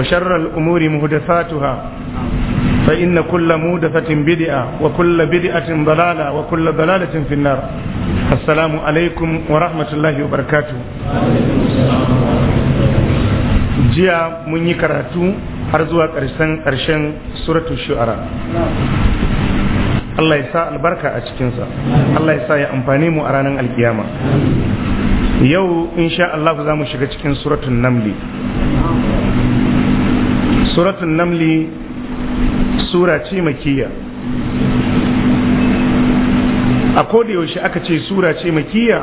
وشر الأمور مهدثاتها فإن كل مودثة بدعة وكل بدعة ضلالة وكل ضلالة في النار السلام عليكم ورحمة الله وبركاته جيا من يكراتو أرزوا كرشن كرشن سورة الشعراء Allah ya sa albarka a cikinsa Allah ya sa ya amfane mu a ranar alkiyama yau insha Allah za mu shiga cikin suratun namli suratun namli sura ce makiya a yaushe aka ce sura ce makiya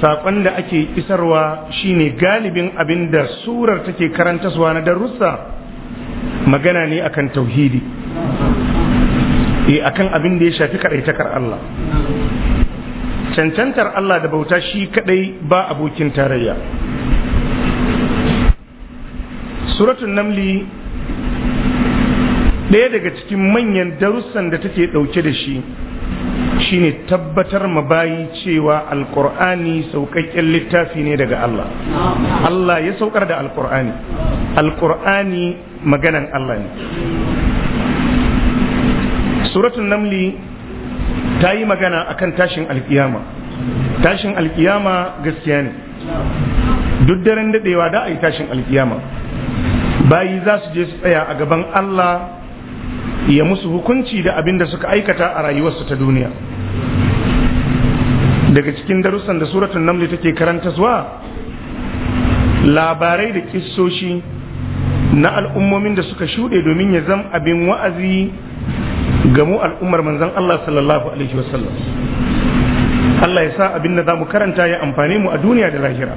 saƙon da ake isarwa shine galibin abin da surar take karanta suwa na darussa magana ne akan tauhidi e akan abin da ya shafi kaɗaitakar Allah cancantar Allah da bauta shi kaɗai ba abokin tarayya suratun namli ɗaya daga cikin manyan darussan da take ɗauke da shi shine tabbatar ma bayi cewa alkur'ani sauƙaƙƙen littafi ne daga Allah Allah ya saukar da alkur'ani alkur'ani maganan Allah ne suratun namli ta yi magana akan tashin alkiyama tashin alkiyama gaskiya ne duk daren daɗewa da a yi tashin alkiyama bayi za su je su tsaya a gaban Allah ya musu hukunci da abin da suka aikata a rayuwarsu ta duniya daga cikin darussan da suratun namli take karanta zuwa labarai da kissoshi na al'ummomin da suka shuɗe domin ya zama abin wa'azi ga mu al'ummar manzan Allah sallallahu alaihi wasallam Allah ya sa abin da za mu karanta ya amfani mu a duniya da lahira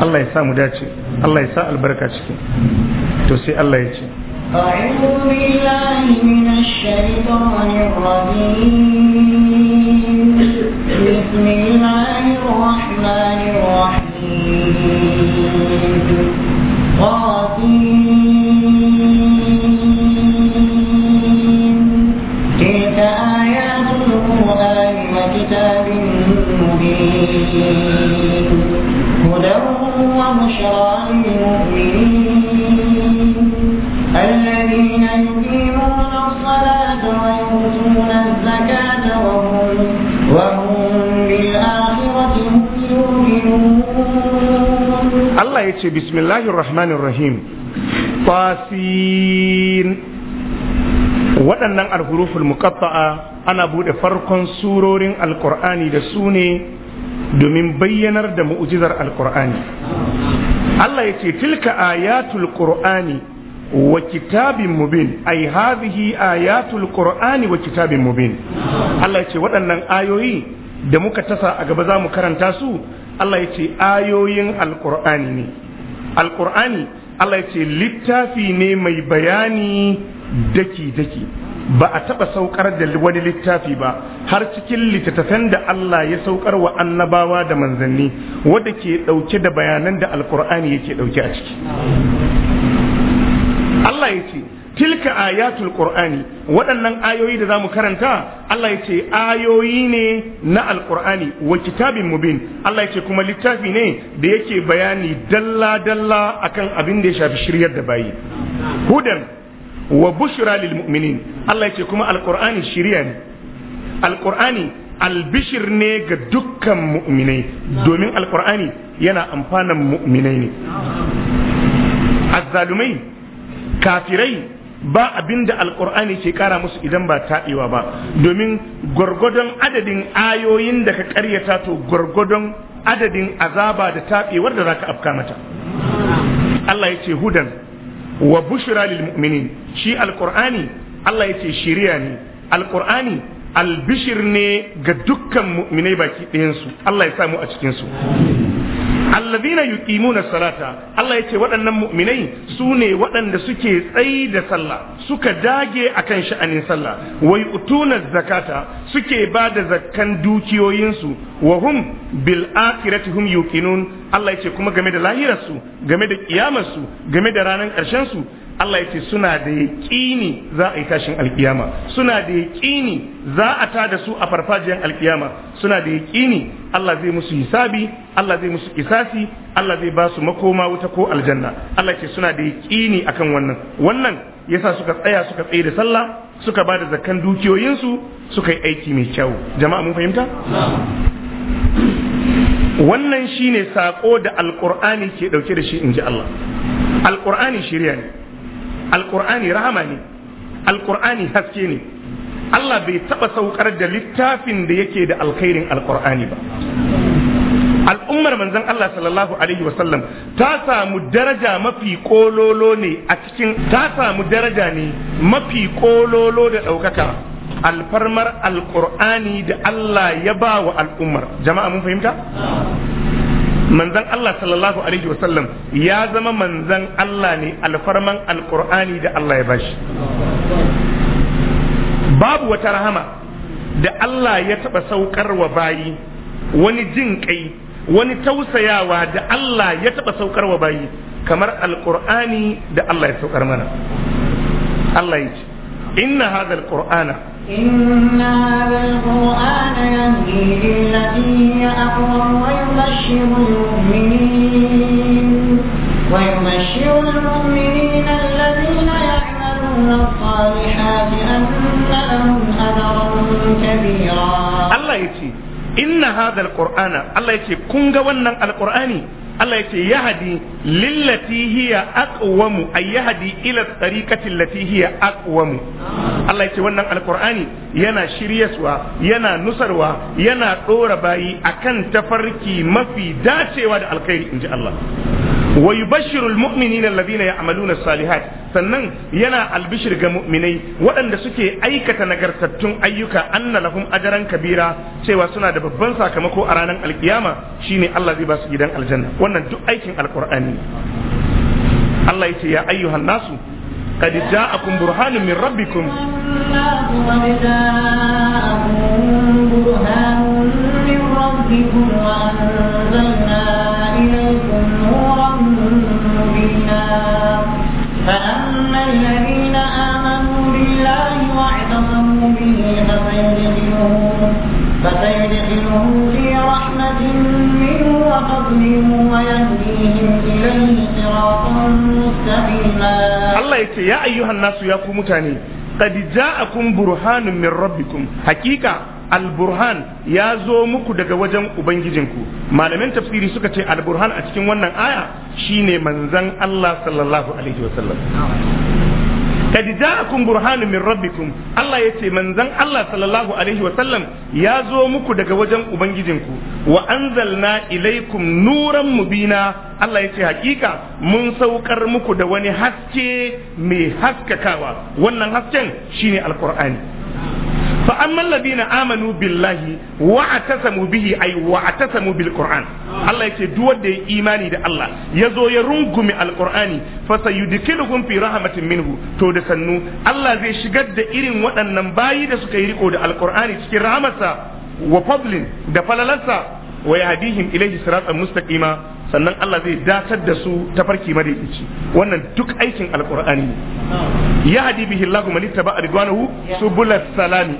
Allah ya sa mu dace الله ya البركة شكي توسي الله يجي أعوذ بالله من الشيطان الرجيم بسم الله الرحمن الرحيم قاسم تلك آيات القرآن وكتاب مبين وبشرى للمؤمنين الذين يقيمون الصلاة ويؤتون الزكاة وهم وهم بالآخرة هم يؤمنون الله يتشي بسم الله الرحمن الرحيم طاسين waɗannan alhuruful muqatta'a ana buɗe farkon surorin alƙur'ani da su ne domin bayyanar da mu'jizar alkur'ani Allah ya ce tilka ayatul qur'ani wa kitabin mubin ai hadhihi ayatul qur'ani wa kitabin mubin Allah ya ce waɗannan ayoyi da muka tasa a gaba za mu karanta su Allah ya ce ayoyin alkur'ani ne alkur'ani Allah ya ce littafi ne mai bayani daki daki ba a taɓa saukar da wani littafi ba har cikin littattafan da Allah ya saukar wa annabawa da manzanni wadda ke ɗauke da bayanan da alkur'ani yake ɗauke a ciki Allah ya ce tilka ayatul qur'ani waɗannan ayoyi da zamu karanta Allah ya ce ayoyi ne na alqur'ani wa kitabin mubin Allah ya ce kuma littafi ne da yake bayani dalla dalla akan abin da ya shafi shiryar da bayi hudan wa bushra lil mu'minin Allah yace kuma alqur'ani shiriya ne alqur'ani albishir ne ga dukkan mu'minai domin alqur'ani yana amfanan mu'minai ne azzalumai kafirai ba abinda alƙur'ani ke ƙara musu idan ba taɗewa ba domin gwargwadon adadin ayoyin da ka ƙaryata to gwargwadon adadin azaba da taɓewar da za ka afka mata Allah ya ce hudan wa bushra lil mu'minin shi alqur'ani Allah yace shiriya ne alqur'ani albishir ne ga dukkan mu'minai baki ɗayansu Allah ya samu a cikin su allazina yuqimuna salata Allah yace waɗannan mu'minai su ne waɗanda suke tsayi da sallah suka dage akan sha'anin sallah wa yu'tuna zakata suke ba da zakkan dukiyoyinsu wa hum bil akhirati hum yuqinun Allah yace kuma game da lahirarsu game da kiyamarsu game da ranar ƙarshen su Allah ya ce suna da yaƙini za a yi tashin alkiyama suna da yaƙini za a ta da su a farfajiyan alkiyama suna da yaƙini Allah zai musu hisabi Allah zai musu kisasi Allah zai ba su makoma wuta ko aljanna Allah ya ce suna da yaƙini akan wannan wannan yasa suka tsaya suka tsaye da sallah suka ba da zakkan dukiyoyinsu suka yi aiki mai kyau jama'a mun fahimta wannan shine sako da Alƙur'ani ke ɗauke da shi in ji Allah alkur'ani shirya ne Alƙur'ani rahama ne alkur'ani haske ne Allah bai taba saukar da littafin da yake da alkhairin Alƙur'ani ba al'ummar manzon Allah sallallahu alaihi wasallam ta samu daraja mafi kololo ne a cikin ta samu daraja ne mafi kololo da ɗaukaka alfarmar alƙur'ani da Allah ya ba wa al'ummar jama'a mun fahimta manzan Allah sallallahu alaihi wasallam ya zama manzan Allah ne alfarman alkur'ani da Allah ya bashi babu wata rahama da Allah ya taɓa saukar wa bayi wani jin kai wani tausayawa da Allah ya taɓa saukar wa bayi kamar alkur'ani da Allah ya saukar mana Allah ya ce inna hadha alqur'ana إن هذا القرآن يهدي للتي هي أقوم ويبشر المؤمنين ويبشر المؤمنين الذين يعملون الصالحات أن لهم أجرا كبيرا الله يتي إن هذا القرآن الله يتي كنغ ونن القرآن Allah yace yahadi lillati hiya aqwamu ay yahdi ila tariqati allati hiya aqwamu Allah ce wannan alqur'ani yana shiryaswa yana nusarwa yana dora bayi akan tafarki mafi dacewa da alkhairi inji Allah wa yubashshiru almu'minina alladhina ya'maluna salihat sannan yana albishir ga mu'minai waɗanda suke aikata nagartattun ayyuka anna lahum ajran kabira cewa suna da babban sakamako a ranar alkiyama shine Allah zai ba su gidan aljanna wannan duk aikin alkur'ani Allah ce ya ayyuhan nasu قد جاءكم برهان min rabbikum ya ku mutane qad ja'akum burhanun min rabbikum hakika alburhan ya zo muku daga wajen ubangijinku malamin tafsiri suka ce al alburhan a cikin wannan aya shine manzan Allah sallallahu alaihi wasallam kad ja'akum burhanun min rabbikum Allah yace manzon Allah sallallahu alaihi wa sallam ya zo muku daga wajen ubangijinku wa anzalna ilaikum nuran mubina Allah yace hakika mun saukar muku da wani haske mai haskakawa wannan hasken shine alqur'ani fa amman na amanu billahi wa atasamu bihi ay wa atasamu bil qur'an Allah yace duk wanda ya imani da Allah ya zo ya rungumi alqur'ani fa sayudkhiluhum fi rahmatin minhu to da sannu Allah zai shigar da irin waɗannan bayi da suka yi riko da alqur'ani cikin rahmarsa wa fadlin da falalarsa wa yahdihim ilayhi siratan mustaqima sannan Allah zai datar da su tafarki madaidaici wannan duk aikin alqur'ani ne yahdi bihi Allahu man ittaba ridwanahu subulal salami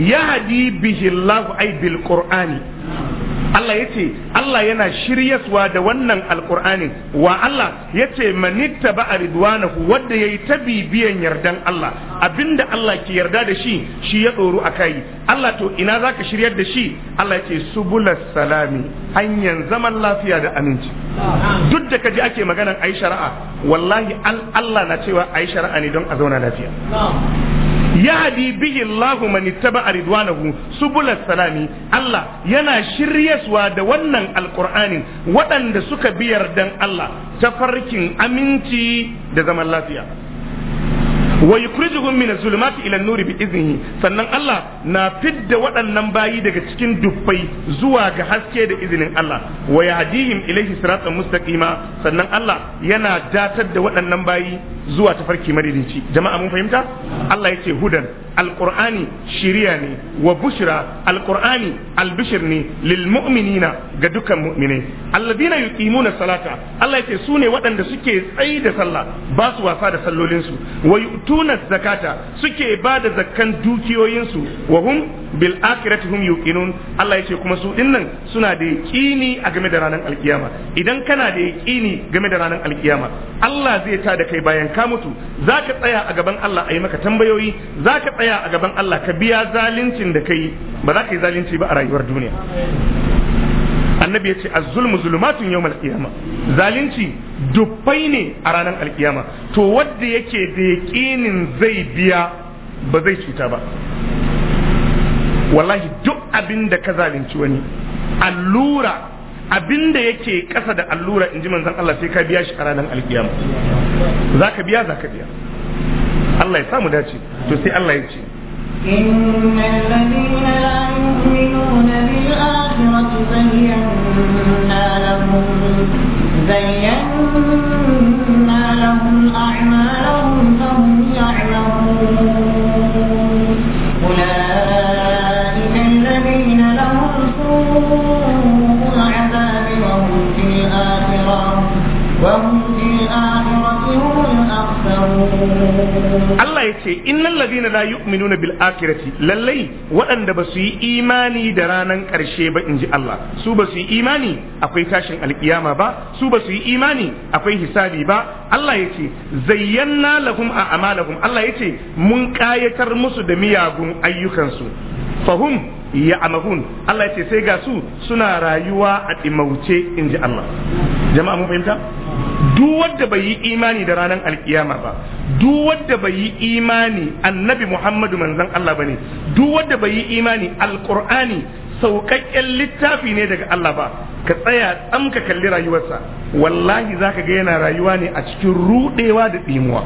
yahdi bihi Allah ay bil qur'ani Allah yace Allah yana shiryaswa da wannan alqur'ani wa Allah yace manitta ba ridwanahu wanda yayi tabi biyan yardan Allah abinda Allah ke yarda da shi shi ya doro akai Allah to ina zaka shiryar da shi Allah yace subulas salami hanyar zaman lafiya da aminci duk da kaji ake maganan ai shari'a wallahi Allah na cewa ai shari'a ne don a zauna lafiya yahdi bihi Allahu man ittaba'a ridwanahu subulas salami Allah yana shiryaswa da wannan alqur'anin waɗanda suka biyar dan Allah tafarkin aminci da zaman lafiya wa yukhrijuhum min az-zulumati ila bi sannan Allah na fidda waɗannan bayi daga cikin dubbai zuwa ga haske da izinin Allah wa yahdihim ilayhi siratan mustaqima sannan Allah yana datar da waɗannan bayi zuwa tafarki madaidaici jama'a mun fahimta Allah yace hudan alqur'ani shiriya ne wa bushra alqur'ani albishir ne lil mu'minina ga dukan mu'minai alladina yuqimuna salata Allah yace su ne waɗanda suke tsayi da sallah ba su wasa da sallolinsu yu'tuna zakata suke ba da zakkan dukiyoyinsu wa hum bil akhirati hum yuqinun Allah yace kuma su dinnan suna da yaqini a game da ranar alkiyama idan kana da yaqini game da ranar alkiyama Allah zai ta da kai bayan ka mutu zaka tsaya a gaban Allah a yi maka tambayoyi zaka tsaya a gaban Allah ka biya zalincin da kai ba za ka yi zalunci ba a rayuwar duniya annabi ya ce az-zulmu zulumatun yau qiyama zalunci dubbai ne a ranar alkiyama to wanda yake da yaƙinin zai biya ba zai cuta ba wallahi duk abin da ka zalunci wani allura abin da yake ƙasa da allura in ji manzon Allah sai ka biya shi a ranar alkiyama za ka biya za ka biya Allah ya samu dace to sai Allah ya ce إن الذين لا يؤمنون بالآخرة زينا لهم زينا لهم أعمالهم فهم يعلمون أولئك الذين لهم سوء العذاب وهم في الآخرة وهم Allah ya ce innal ladina la yu'minuna bil akhirati lallai waɗanda ba su yi imani da ranan ƙarshe ba inji Allah su ba su yi imani akwai tashin alkiyama ba su ba su yi imani akwai hisabi ba Allah ya ce zayyana lahum a amalahum Allah ya ce mun kayatar musu da miyagun ayyukansu fahum ya amahun Allah ya ce sai ga su suna rayuwa a dimauce inji Allah jama'a mun fahimta duk wanda bai yi imani da ranar alkiyama ba duk wanda bai yi imani annabi muhammadu manzon Allah bane duk wanda bai yi imani alqur'ani saukakken littafi ne daga Allah ba ka tsaya tsam ka kalli rayuwarsa wallahi zaka ga yana rayuwa ne a cikin rudewa da tsimuwa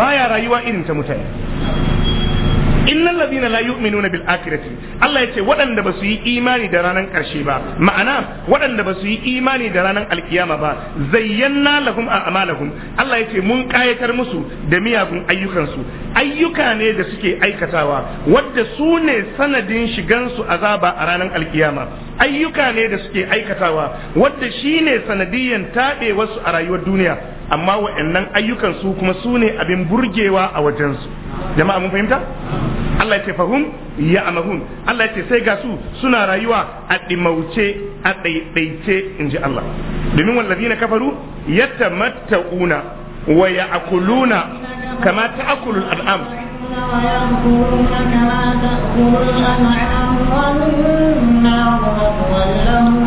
baya rayuwa irin ta mutane innal ladina la yu'minuna bil akhirati Allah yace waɗanda ba su yi imani da ranar ƙarshe ba ma'ana waɗanda ba su yi imani da ranar alkiyama ba zayyanna lahum a'malahum Allah yace mun kayatar musu da miyagun ayyukansu ayyuka ne da suke aikatawa wadda su ne sanadin shigansu azaba a ranar alkiyama ayyuka ne da suke aikatawa wadda shi ne sanadiyan taɓe wasu a rayuwar duniya amma wa'annan ayyukan su kuma su ne abin burgewa a wajensu jama'a mun fahimta Allah ya ce fahum ya amahun Allah ya ce sai ga su suna rayuwa a dimauce a ɗaiɗaice in ji Allah domin wallazina kafaru yatamatta'una wa ya'kuluna kama ta'kulul al'am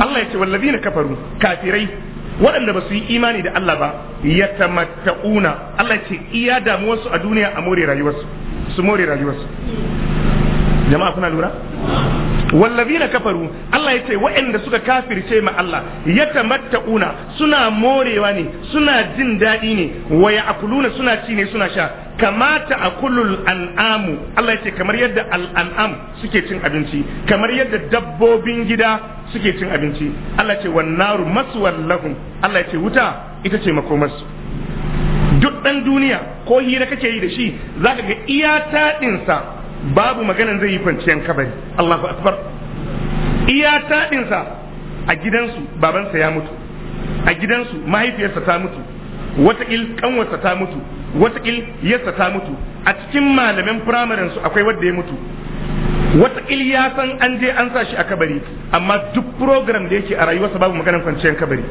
Allah ya ce wallazina kafaru kafirai waɗanda ba su yi imani da Allah ba ya tamatta'una Allah ce iya damuwarsu a duniya a more rayuwarsu su more rayuwarsu jama'a kuna lura wallazina kafaru Allah yace waɗanda suka kafirce ma Allah yatamatta'una suna morewa ne suna jin daɗi ne Waya ya'kuluna suna ci ne suna sha kamata akulul an'amu Allah yace kamar yadda al'an'am suke cin abinci kamar yadda dabbobin gida suke cin abinci Allah yace wannaru lahum Allah yace wuta ita ce makomarsu duk ɗan duniya ko hira kake yi da shi zaka ga iya taɗinsa babu maganan zai yi kwanciyar kabari Allahu akbar iya taɗinsa a gidansu babansa ya mutu a gidansu mahaifiyarsa ta mutu watakil kanwarsa ta mutu watakil yarsa ta mutu a cikin malamin firamarinsu akwai wanda ya mutu watakil ya san an je an sa shi a kabari amma duk program da yake a rayuwarsa babu maganan kwanciyar kabari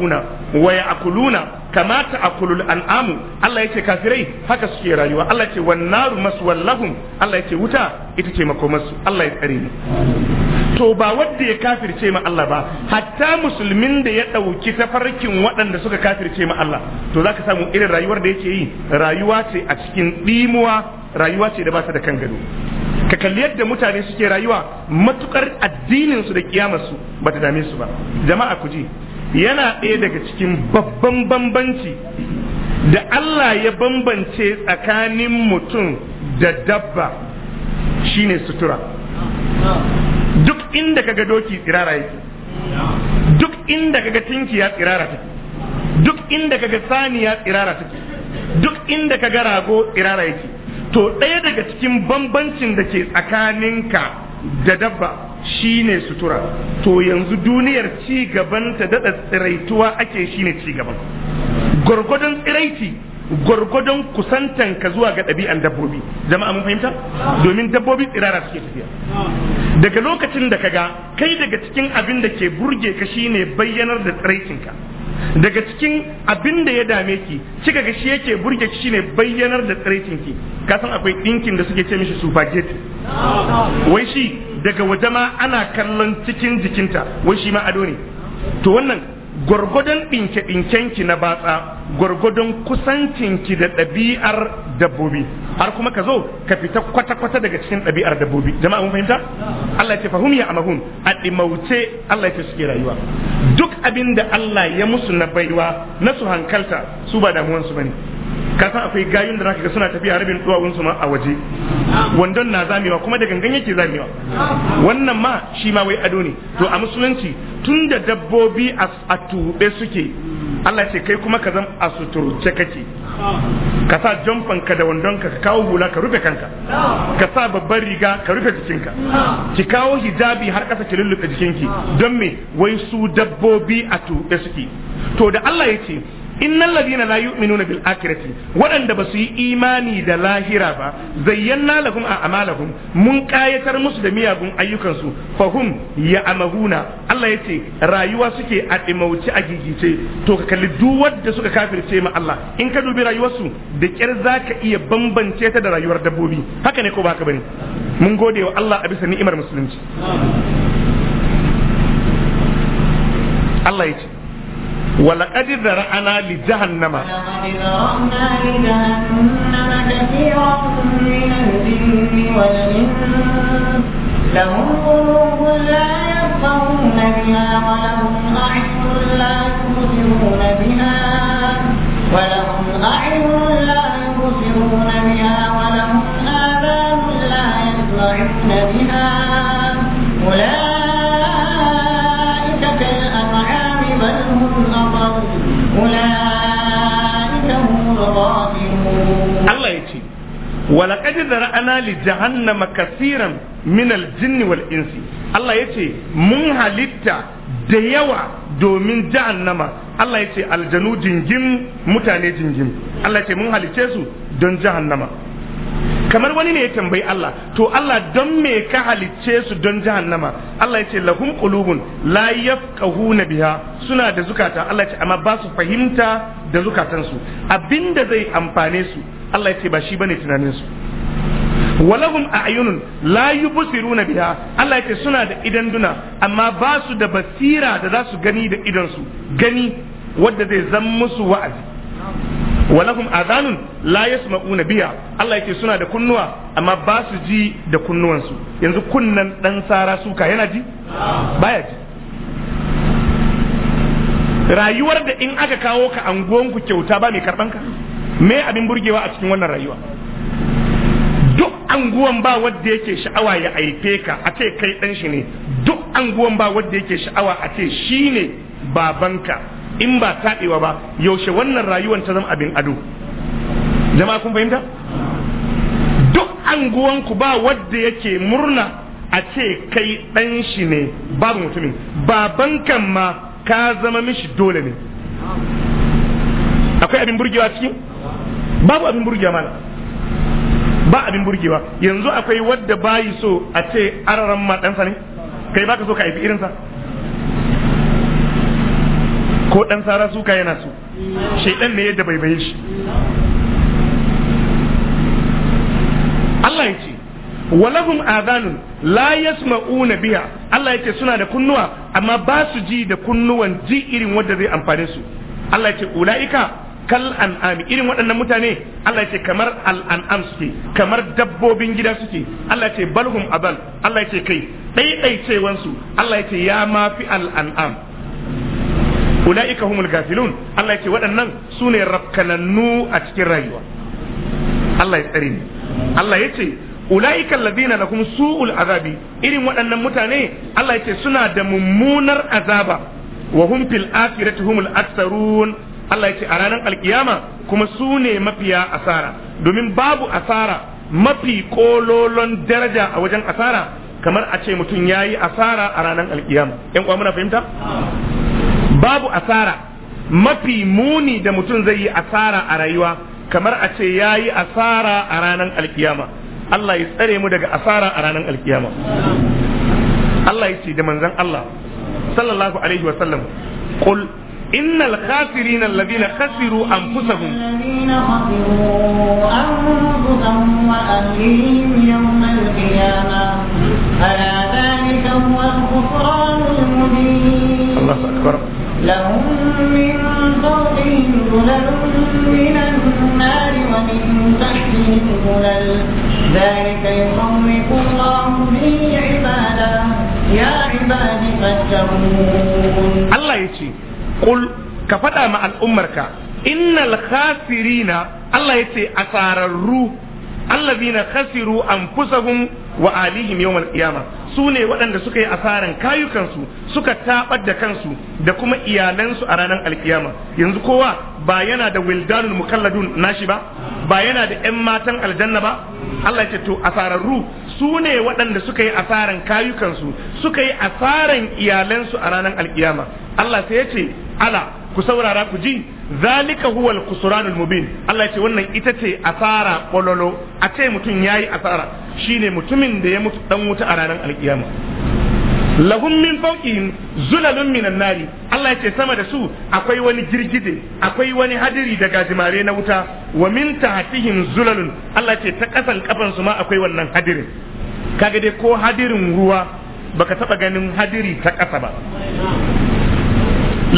una wa akuluna Kamata a kulul an'amu Allah yake kafirai haka suke rayuwa Allah ce wan naru maswallahum Allah ce wuta ita ce makomarsu Allah ya tsare mu to ba wanda ya kafirce ma Allah ba hatta musulmin da ya ɗauki tafarkin waɗanda suka kafirce ma Allah to zaka samu irin rayuwar da yake yi rayuwa ce a cikin ɗimuwa rayuwa ce da ba ta da kan gado ka kalli yadda mutane suke rayuwa matukar addinin su da kiyamar su bata dame su ba jama'a ku ji yana ɗaya daga cikin babban bambanci da Allah ya bambance tsakanin mutum da dabba shine sutura duk inda kaga doki tsirara yake duk inda kaga ya tsirara take duk inda kaga ya tsirara take duk inda kaga rago tsirara yake to ɗaya daga cikin bambancin da ke tsakaninka da dabba Shi ne sutura to yanzu duniyar ci gaban ta daɗa tsiraituwa ake shine ci gaban gwargwadon tsiraiti gwargwadon kusantan ka zuwa ga ɗabi'an dabbobi jama'a mun fahimta domin dabbobi tsirara suke tafiya daga lokacin da ka ga kai daga cikin abin da ke burge ka shine bayyanar da tsiraitinka daga cikin abin da ya dame ki kika ga shi yake burge ki shine bayyanar da tsiraitin ki ka san akwai dinkin da suke ce mishi supergate wai shi daga waje ma ana kallon cikin jikinta wai shi ma ado ne to wannan gwargwadon ɗinke-ɗinkenki na batsa gwargwadon kusancinki da ɗabi'ar dabbobi har kuma ka zo ka fita kwata-kwata daga cikin ɗabi'ar dabbobi jama'a mun fahimta Allah ya ce fahum ya amahun a ɗimauce Allah ya ce suke rayuwa duk abin da Allah ya musu na baiwa na su hankalta su ba damuwansu bane ka san akwai gayun da zaka ga suna tafiya rabin duwawun su ma a waje wandon na zamewa kuma da gangan yake zamewa wannan ma shi ma wai ado ne to a musulunci tun da dabbobi a tuɓe suke Allah ce kai kuma ka zam a suturce kake ka sa jamfan ka da wandon ka kawo hula ka rufe kanka ka sa babban riga ka rufe jikinka ki kawo hijabi har kasa ki lullube ki don me wai su dabbobi a tuɓe suke to da Allah ya ce innal ladina la yu'minuna bil akhirati waɗanda basu yi imani da lahira ba zayyana lahum a amalahum mun kayatar musu da miyagun ayyukansu fahum ya amahuna Allah yace rayuwa suke a dimauci a gigice to ka kalli duk wanda suka kafirce ma Allah in ka dubi rayuwarsu da kyar zaka iya bambance ta da rayuwar dabbobi haka ne ko ba bane mun gode wa Allah a bisa ni'imar musulunci Allah yace ولقد ذرأنا لجهنم ولقد ذرأنا لجهنم كثيرا من الجن والإنس لهم قلوب لا يفقهون بها ولهم أعين لا يبصرون بها ولهم أعين لا يبصرون بها ولهم آذان لا يسمعون بها أولئك Allah ya ce, Walaƙad da ra'ana li jahannama kasiran min aljinni wal insi. Allah ya ce, Mun halitta da yawa domin jahannama. Allah ya ce, Aljanu jingin mutane jingin. Allah ya ce, Mun halice su don jahannama. kamar wani ne ya tambayi Allah to Allah don me ka halicce su don jahannama Allah ya ce lahum qulubun la yafqahuna biha suna da zukata Allah ya ce amma ba su fahimta da zukatansu abinda zai amfane su Allah ya ce ba shi bane tunanin su walahum a'yunun la yubsiruna biha Allah yace suna da idan duna amma ba su da basira da za su gani da idan su gani wadda zai zan musu wa'azi wa lahum adhanun la yasma'una biya Allah yake suna da kunnuwa amma ba su ji da kunnuwansu yanzu kunnan dan sara suka yana ji baya ji rayuwar da in aka kawo ka anguwanku kyauta ba mai karban ka me abin burgewa a cikin wannan rayuwa duk anguwan ba wanda yake sha'awa ya aife ka a ce kai dan shi ne duk anguwan ba wanda yake sha'awa a ce shine babanka in ba taɓewa ba yaushe wannan rayuwar ta zama abin ado jama'a kun fahimta duk anguwanku ba wadda yake murna a ce kai ɗan shi ne babu mutumin baban kan ma ka zama mishi dole ne akwai abin burgewa ciki babu abin burgewa mana ba abin burgewa yanzu akwai wadda bayi so a ce araran ma ɗansa ne kai baka so ka haifi irinsa ko dan sara suka yana so shaidan ne yadda bai baye shi Allah ya ce walahum adhanun la yasma'una biha Allah ya ce suna da kunnuwa amma ba su ji da kunnuwan ji irin wanda zai amfane su Allah ya ce ulaika kal an'ami irin waɗannan mutane Allah ya ce kamar al an'am suke kamar dabbobin gida suke Allah ya ce balhum abal Allah ya ce kai ɗaiɗaicewansu Allah ya ce ya mafi al an'am ulaika humul gafilun Allah ya ce waɗannan su ne rafkanannu a cikin rayuwa Allah ya tsare ni Allah ya ce ulaika alladhina lahum su'ul azabi irin waɗannan mutane Allah ya suna da mummunar azaba wa hum fil akhirati humul aktharun Allah ya ce a ranar alkiyama kuma su ne mafiya asara domin babu asara mafi kololon daraja a wajen asara kamar a ce mutum ya yi asara a ranar alkiyama yan uwa muna fahimta babu asara mafi muni da mutum zai yi asara a rayuwa kamar a ce ya yi asara a ranar alkiyama Allah ya tsare mu daga asara a ranar alkiyama Allah ya ce da manzan Allah sallallahu alaihi wa sallam إن الخاسرين الذين خسروا أنفسهم الذين خسروا أنفسهم وأهليهم يوم القيامة ألا ذلك هو الخسران المبين الله أكبر لهم من فوقهم ظلل من النار ومن تحتهم ظلل ذلك يخوف الله به عباده يا عباد فاتقون الله يجي قل كفتا مع الأمرك إن الخاسرين الله يجي أسار الروح الذين خسروا أنفسهم وآليهم يوم القيامة su ne waɗanda suka yi asaran kayukansu suka taɓar da kansu da kuma iyalansu a ranar alkiyama yanzu kowa ba yana da wildanul mukalladun nashi ba ba yana da 'yan matan aljanna ba Allah ya ce to asararru su ne waɗanda suka yi asaran kayukansu suka yi asaran iyalansu a ranar alkiyama Allah sai ya ce ala ku saurara ku ji zalika huwa al mubin Allah ya ce wannan ita ce asara kololo a ce mutum yayi asara shine mutumin da ya mutu dan wuta a ranar alkiyama lahum min fawqihim zulalun minan nari Allah yace sama da su akwai wani girgide akwai wani hadiri da gajimare na wuta wa min tahtihim zulalun Allah yace ta kasan kafan su ma akwai wannan hadirin kaga dai ko hadirin ruwa baka taba ganin hadiri ta kasa ba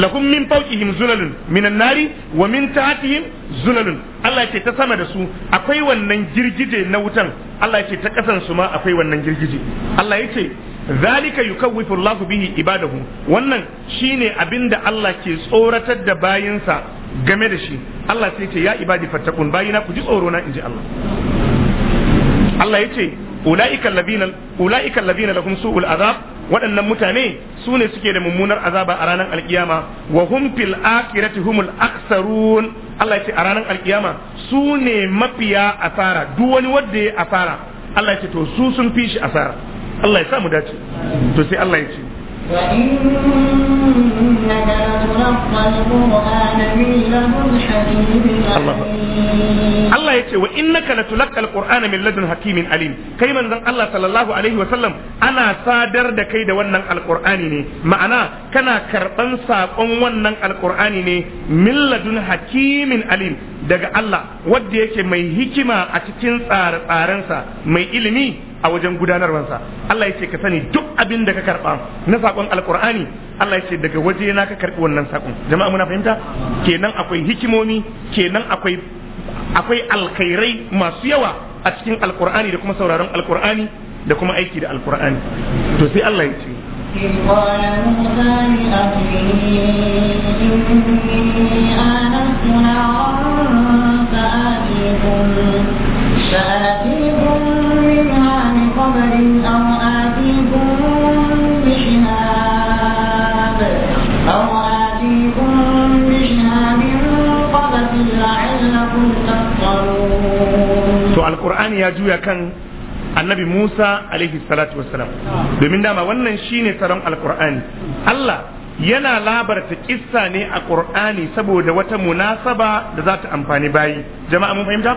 lahum min fawqihim zulalun minan nari wa min tahtihim zulalun Allah ce ta sama da su akwai wannan girgije na wutan Allah ce ta kasan su ma akwai wannan girgije Allah yace zalika yukawwifu Allahu bihi ibadahu wannan shine abinda Allah ke tsoratar da bayinsa game da shi Allah sai ce ya ibadi fattakun bayina ku ji tsoro na inji Allah Allah yace ulaika alladhina ulaika alladhina lahum su'ul azab waɗannan mutane su ne suke da mummunar azaba a ranar alkiyama wa hum fil akhirati humul aksarun Allah ya ce a ranar alkiyama su ne mafiya asara duk wani wanda ya asara Allah ya ce to su sun fi shi asara Allah ya sa mu dace to sai Allah ya ce وإننا لنلقى Allah Allah ya ce wa innaka latulqal qur'ana min ladun hakimin alim kai manzon Allah sallallahu alaihi wa sallam ana sadar da kai da wannan alqur'ani ne ma'ana kana karban sakon wannan alqur'ani ne min ladun hakimin alim daga Allah wanda yake mai hikima a cikin tsare-tsarensa mai ilimi a wajen gudanarwansa Allah ya ce ka sani duk abin da ka karba na sakon alkur'ani Allah ya ce daga waje na ka karbi wannan sakon jama'a muna fahimta kenan akwai hikimomi kenan akwai akwai alkhairai masu yawa a cikin alkur'ani da kuma sauraron alkur'ani da kuma aiki da alkur'ani to sai Allah ya ce بخبر أو آتيكم بشهاب أو آتيكم بشهاب قبس لعلكم القرآن يا كان annabi Musa alaihi salatu wassalam ah. domin dama wannan shine tsaron alkur'ani Allah yana labarta kissa ne a ƙur'ani saboda wata munasaba da za ta amfani bayi jama'a mun fahimta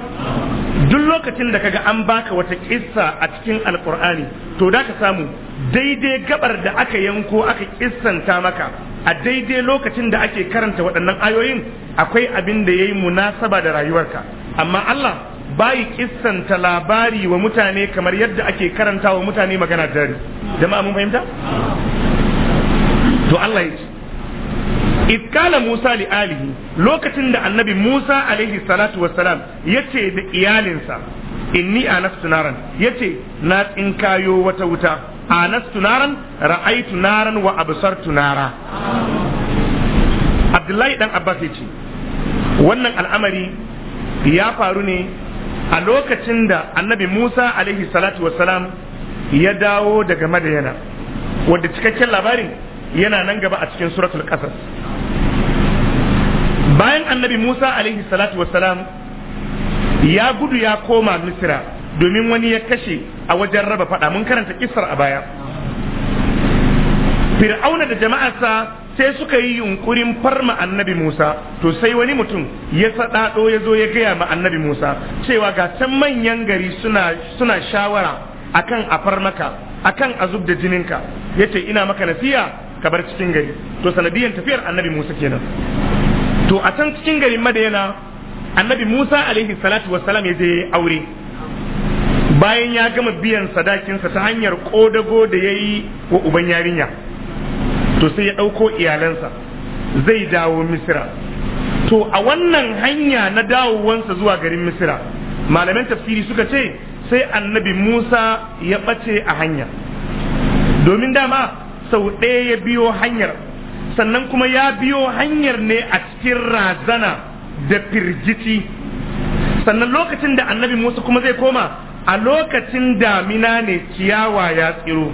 duk lokacin da kaga an baka wata kissa a cikin alƙur'ani to da ka samu daidai gabar da aka yanko aka kissanta maka a daidai lokacin da ake karanta waɗannan ayoyin akwai abin da ya yi munasaba da rayuwarka amma Allah bayi kissanta labari wa mutane kamar yadda ake karanta wa mutane magana dare jama'a mun fahimta to Allah ya ce iskala Musa li alihi lokacin da annabi Musa alaihi salatu wassalam ya ce da iyalinsa inni anastu naran ya ce na tsinkayo wata wuta anastu naran ra'aitu naran wa absartu tunara. Abdullahi dan Abbas ya ce wannan al'amari ya faru ne a lokacin da annabi Musa alaihi salatu wassalam ya dawo daga Madayana wanda cikakken labarin yana nan gaba a cikin suratul qasas bayan annabi Musa alaihi salatu wassalam ya gudu ya koma Misira domin wani ya kashe a wajen raba fada mun karanta kisar a baya fir'auna da jama'arsa sai suka yi yunkurin farma annabi Musa to sai wani mutum ya saɗaɗo ya zo ya gaya ma annabi Musa cewa ga can manyan gari suna suna shawara akan a farmaka akan a zub da jininka ce ina maka nasiya ka bar cikin gari to sanadiyan tafiyar annabi Musa kenan to a can cikin garin Madina annabi Musa alaihi salatu wassalam ya je aure bayan ya gama biyan sadakinsa ta hanyar kodago da ya yi wa uban yarinya to sai ya ɗauko iyalansa zai dawo misira to a wannan hanya na dawowansa zuwa garin misira malaman tafsiri suka ce sai annabi musa ya ɓace a hanya domin dama sau ɗaya ya biyo hanyar sannan kuma ya biyo hanyar ne a cikin razana da firgici sannan lokacin da annabi musa kuma zai koma a lokacin damina ne ciyawa ya tsiro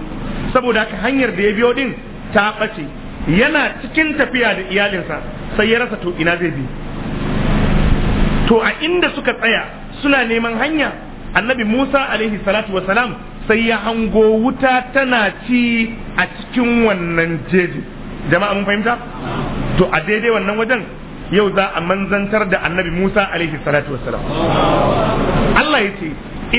saboda haka hanyar da ya biyo din ta ɓace yana cikin tafiya da iyalinsa sai ya rasa to ina zai bi to a inda suka tsaya suna neman hanya annabi musa alaihi salatu salam sai ya hango wuta tana ci a cikin wannan jeji jama'a mun fahimta to a daidai wannan wajen yau za a manzantar da annabi Musa alaihi salatu wassalam Allah ya ce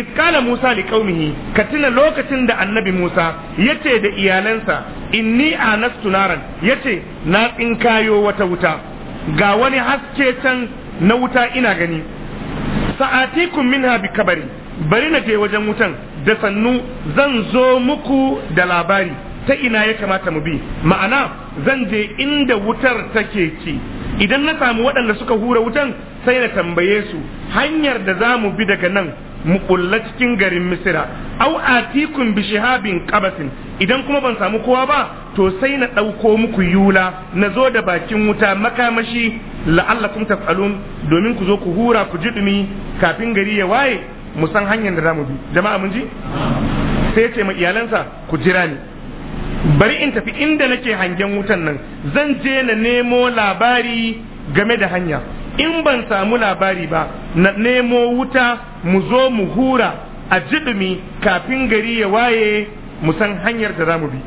iskala Musa li kaumihi ka tuna lokacin da annabi Musa yace da iyalansa inni anastu naran yace na tsinkayo wata wuta ga wani haske can na wuta ina gani sa'atikum minha bi kabari bari na je wajen wutan da sannu zan zo muku da labari ta ina ya kamata mu bi ma'ana zan je inda wutar take ci idan na samu waɗanda suka hura wutan sai na tambaye su hanyar da za mu bi daga nan mu ƙulla cikin garin misira au atikun bi shihabin qabasin idan kuma ban samu kowa ba to sai na ɗauko muku yula na zo da bakin wuta makamashi la'allakum taf'alun domin ku zo ku hura ku ji dumi kafin gari ya waye mu san hanyar da zamu bi jama'a mun ji sai ya ce ma iyalansa ku jira ni bari in tafi inda nake hangen wutan nan zan je na nemo labari game da hanya in ban samu labari ba na nemo wuta mu zo mu hura a jidumi kafin gari ya waye mu san hanyar da zamu bi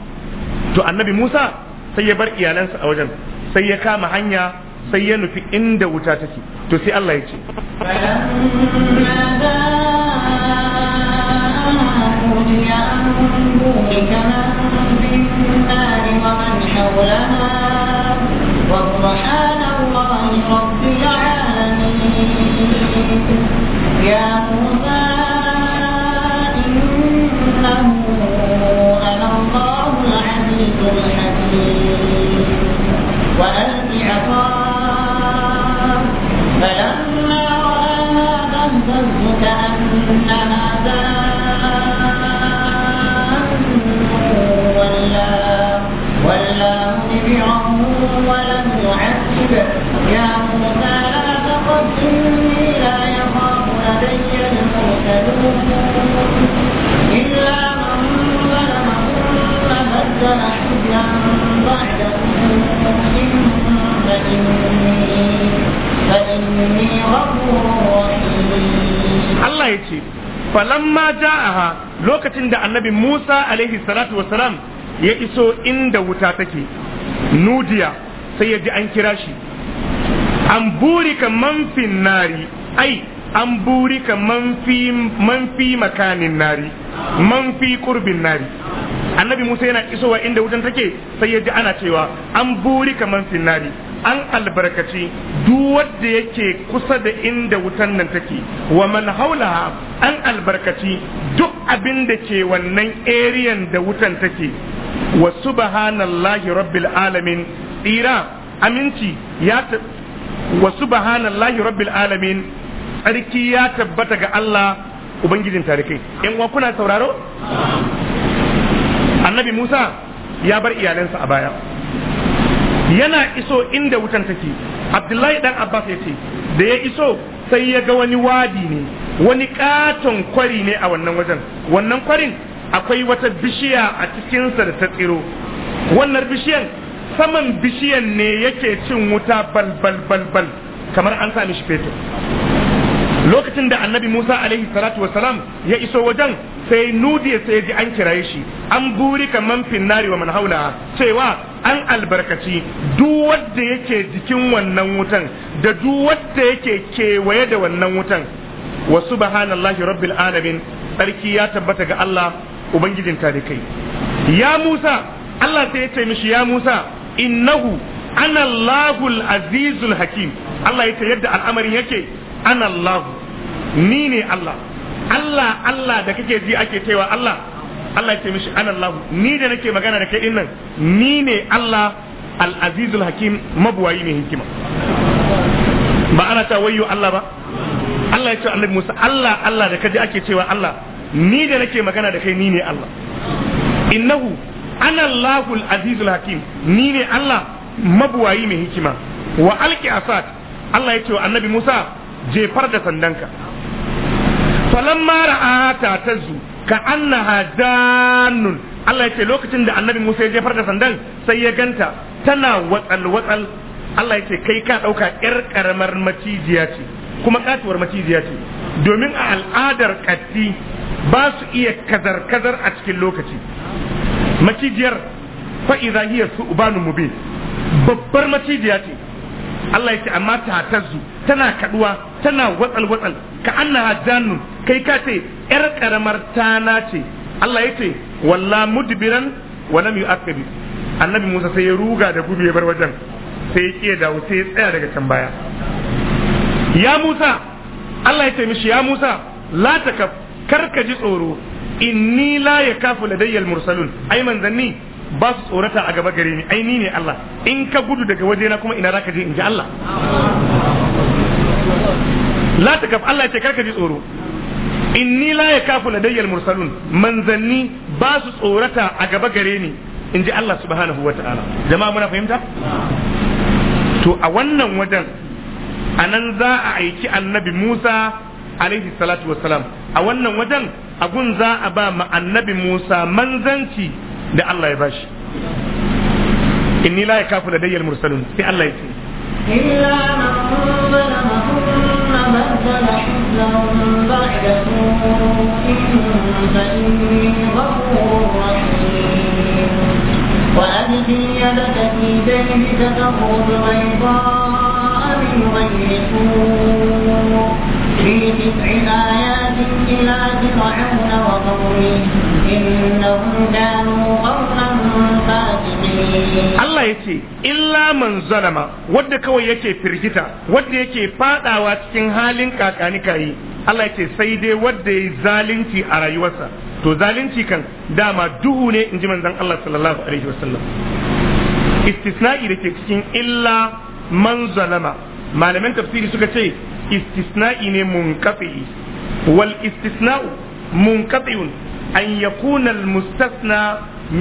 to annabi Musa sai ya bar iyalansa a wajen sai ya kama hanya sai ya nufi inda wuta take to sai Allah ya ce salatu wassalam ya iso inda wuta take nudiya sai ya ji an kira shi an burika manfin nari ai an burika manfi makanin nari manfi kurbin nari annabi musa yana isowa inda wutan take sai ya ji ana cewa an burika manfin nari an albarkaci duk wanda yake kusa da inda wutan nan take wa man haulaha an albarkaci duk abin da ke wannan area da wutan take wa subhanallahi rabbil alamin tsira aminci ya wa subhanallahi rabbil alamin tsarki ya tabbata ga Allah ubangijin tarikai in wa kuna sauraro annabi Musa ya bar iyalansa a baya yana iso inda wutan take Abdullahi dan Abbas ya ce da ya iso sai ya ga wani wadi ne wani katon kwari ne a wannan wajen wannan kwarin akwai wata bishiya a cikinsa da ta tsiro wannan bishiyan saman bishiyan ne yake cin wuta bal bal bal bal kamar an sami shi fetur lokacin da annabi musa alaihi salatu wasalam ya iso wajen sai ya sai ji an kiraye shi an buri kaman finnari wa man haula cewa an albarkaci duk wanda yake jikin wannan wutan da duk wanda yake kewaye da wannan wutan wa subhanallahi rabbil alamin sarki ya tabbata ga Allah ubangijin ta kai ya Musa Allah sai ya ce mishi ya Musa innahu ana Allahul azizul hakim Allah ya ce yadda al'amarin yake ana Allah ni ne Allah Allah Allah da kake ji ake cewa Allah Allah ya ce mishi ana Allah ni da nake magana da kai din nan ni ne Allah al azizul hakim mabuwayi ne hikima ba ana ta wayo Allah ba Allah ya ce annabi Musa Allah Allah da kaji ake cewa Allah ni da nake magana da kai ni ne Allah innahu ana Allahul Azizul Hakim ni ne Allah mabuwayi mai hikima wa alki asat Allah ya ce wa annabi Musa jefar da sandanka falamma ra'ata tazu ka annaha dannun Allah ya ce lokacin da annabi Musa ya jefar da sandan sai ya ganta tana watsal watsal Allah ya ce kai ka dauka yar karamar macijiya ce kuma katuwar maciziya ce domin a al'adar kati ba su iya kazar-kazar a cikin lokaci macijiyar fa'iza hiyar su ubanu mubin babbar macijiyace. ce Allah ya ce amma ta tazzu tana kaduwa tana watsal watsal ka annaha jannun kai ka ce yar karamar tana ce Allah ya ce walla mudbiran wa lam akabi? annabi Musa sai ya ruga da gudu ya bar wajen sai ya ke dawo sai ya tsaya daga can baya ya Musa Allah ya ce mishi ya Musa la takaf karka ji tsoro inni la yakafu ladayyal mursalun ai manzanni ba su tsorata a gaba gare ni ai ni ne Allah in ka gudu daga wajena kuma ina zaka je in ji Allah la takaf Allah ya ce karka ji tsoro inni la yakafu ladayyal mursalun manzanni ba su tsorata a gaba gare ni in ji Allah subhanahu wa ta'ala jama'a muna fahimta to a wannan wajen a nan za a aiki annabi Musa alaihi salatu wassalam a wannan wajen agun za a ba ma annabi Musa manzanci da Allah ya bashi inni la yakafu ladayya al-mursalun sai Allah ya ce illa man zalama وأدخل يدك في جيبك تخرج بيضاء في تسع آيات إلى فرعون وقومه إنهم كانوا قوما Allah ya ce, "Illa man zalama wadda kawai yake firgita, wadda yake fadawa cikin halin kakanika yi, Allah ya ce, sai dai wadda ya zalunci a rayuwarsa, to zalunci kan dama duhu ne in ji manzan Allah sallallahu Alaihi wasallam. Istisna'i da ke cikin illa man zalama malaman tafsiri suka ce istisna'i ne munqati wal istisna'u munqati'un an yakuna al mustasna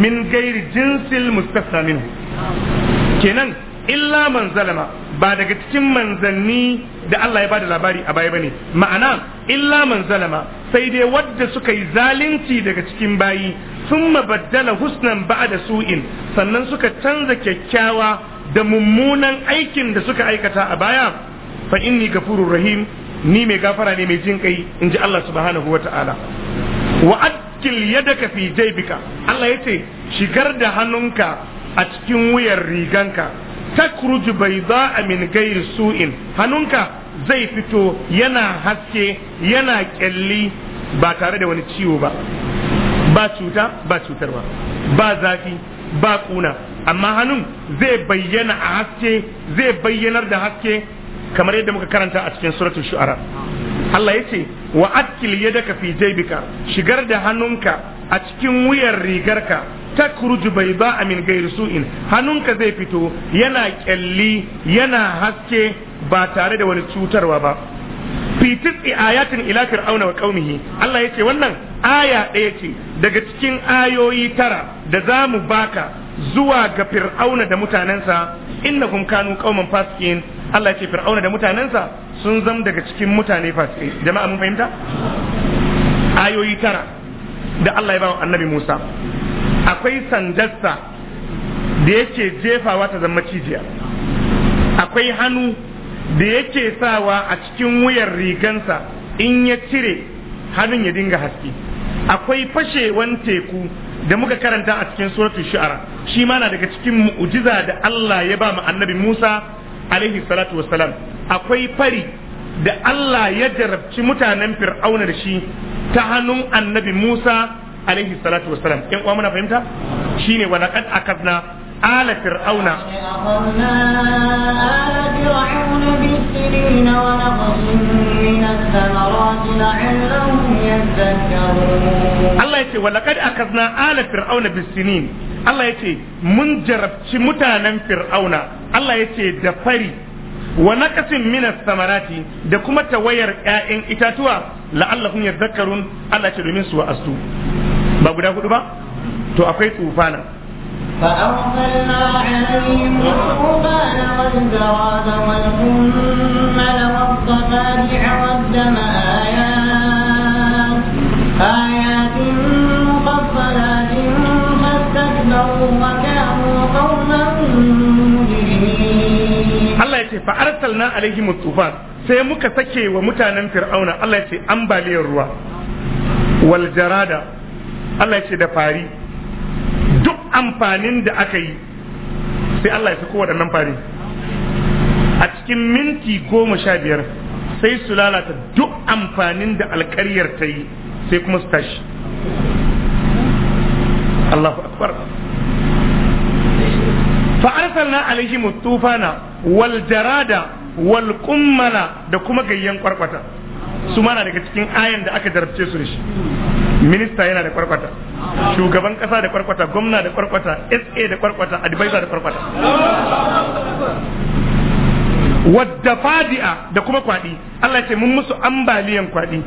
min gairi jinsil mustasna minhu kenan illa man zalama ba daga cikin manzanni da Allah ya bada labari a baya bane ma'ana illa man zalama sai dai wadda suka yi zalunci daga cikin bayi sun baddala husnan da su'in sannan suka canza kyakkyawa da mummunan aikin da suka aikata a baya fa inni gafurur rahim ni mai gafara ne mai jin kai in ji Allah subhanahu wa ta'ala wa adkil yadaka fi jaybika Allah ce shigar da hannunka a cikin wuyar riganka takruj bayda min ghairi su'in hannunka zai fito yana haske yana kyalli ba tare da wani ciwo ba ba cuta ba cutarwa ba zafi ba kuna amma hannun zai bayyana a haske zai bayyanar da haske kamar yadda muka karanta a cikin suratul shu'ara Allah ya ce wa atkil yadaka fi jaybika shigar da hannunka a cikin wuyar rigarka ta bai ba a min gairi su'in hannunka zai fito yana kyalli yana haske ba tare da wani cutarwa ba fi tis'i ayatin ila fir'auna wa qaumihi Allah yace wannan aya ɗaya ce daga cikin ayoyi tara da za mu baka zuwa ga fir'auna da mutanensa innakum kanu qauman fasikin Allah yace fir'auna da mutanensa sun zam daga cikin mutane fasikai jama'a mun fahimta ayoyi tara da Allah ya ba annabi Musa akwai sandarsa da yake jefawa ta zama cijiya akwai hannu da yake sawa a cikin wuyar rigansa in ya cire hannun ya dinga haske akwai fashewan teku da muka karanta a cikin suratun shi'ara shi ma na daga cikin mu'jiza da Allah ya ba mu annabi Musa alaihi salatu wassalam akwai fari da Allah ya jarabci mutanen fir'auna da shi ta hannun annabi Musa alaihi salatu wassalam in uwa muna fahimta shine wa laqad akadna آل فرعون Allah ya ce walakad akazna ala fir'auna bisinin Allah ya ce mun jarabci mutanen fir'auna Allah ya ce da fari wa naqasin min samarati da kuma tawayar ƴaƴan itatuwa la'allahum yadhakkarun Allah ya ce domin su wa'astu ba guda hudu ba to akwai tsufana فأرسلنا عليهم الطوفان والجراد والقمل والصفادع والدم آيات آيات مفصلات فاستكبروا وكانوا قوما Allah ya ce fa arsalna alaihim tufan sai muka sake wa mutanen fir'auna Allah ya ce ambaliyar ruwa wal jarada Allah ya ce da fari amfanin da aka yi sai Allah ya fi da fari a cikin minti goma sha biyar sai su lalata duk amfanin da alkaryar ta yi sai kuma su tashi Allahu akbar fa arsalna alaihim tufana wal jarada wal kummala da kuma gayyan kwarkwata su mana daga cikin ayan da aka jarabce su da shi minista yana da kwarkwata shugaban kasa da kwarkwata gwamna da kwarkwata sa da kwarkwata advisor da kwarkwata wadda fadi'a da kuma kwaɗi Allah ce mun musu ambaliyan kwaɗi